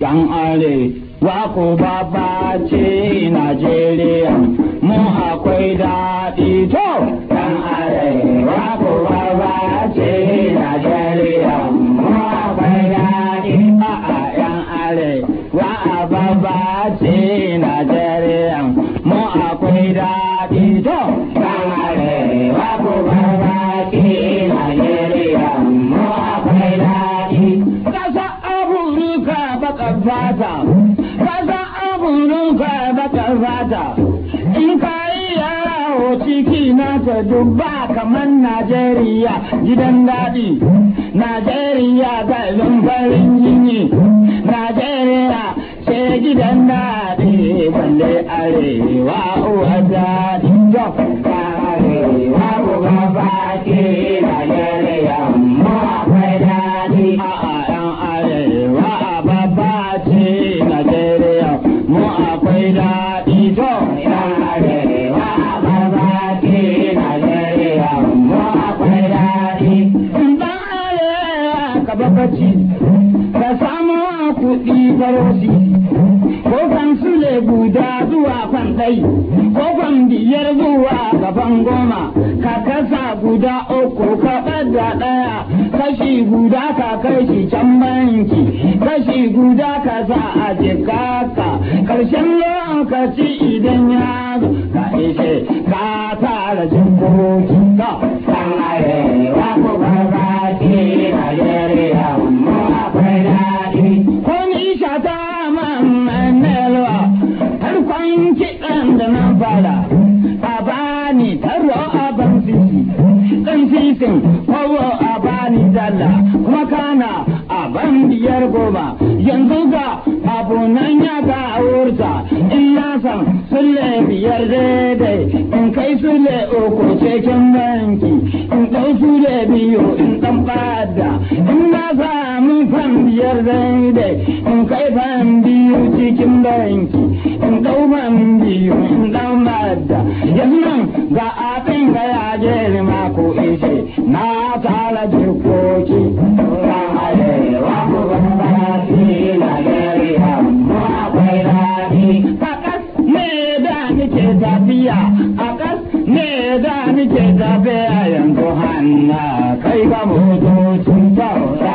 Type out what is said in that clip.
yan ale wa ku baba ce Najeriya mu akwai daɗi to yan ale wa ku baba ce Najeriya mu akwai daɗi a yan ale wa baba ce Najeriya mu akwai daɗi to yan ale wa ku baba ce fata kaga amurin ka baka fata in ka yi yawo ciki na ta dubba kamar najeriya gidan daɗi najeriya ga farin jini najeriya ce gidan daɗi balle arewa uwa daɗi kuɗi barosi ko kan sule guda zuwa kan ɗai ko kan biyar zuwa gaban goma ka kasa guda uku ka ɓadda ɗaya kashi guda ka kai shi can banki kashi guda ka sa a jikaka karshen lokaci idan ya zo ka ishe ka tara jikoki Bayan kiɗan da na fara, a bani taro a ban sisi, ɗan sisin kowo a bani dala, kuma kana a ban biyar goma, yanzu ga nan ya ga wurta, in na san sulle biyar daidai, in kai sulle uku cikin banki, in ɗau sulle biyu in ɗan bada. biyar zai da in kai fan biyu cikin banki in dau biyu in dan bada yanzu ga abin ga ya ma ko ishe na tsara jikoki ne da tafiya akas ne da nike tafiya yanzu hanna kai ga motocin taura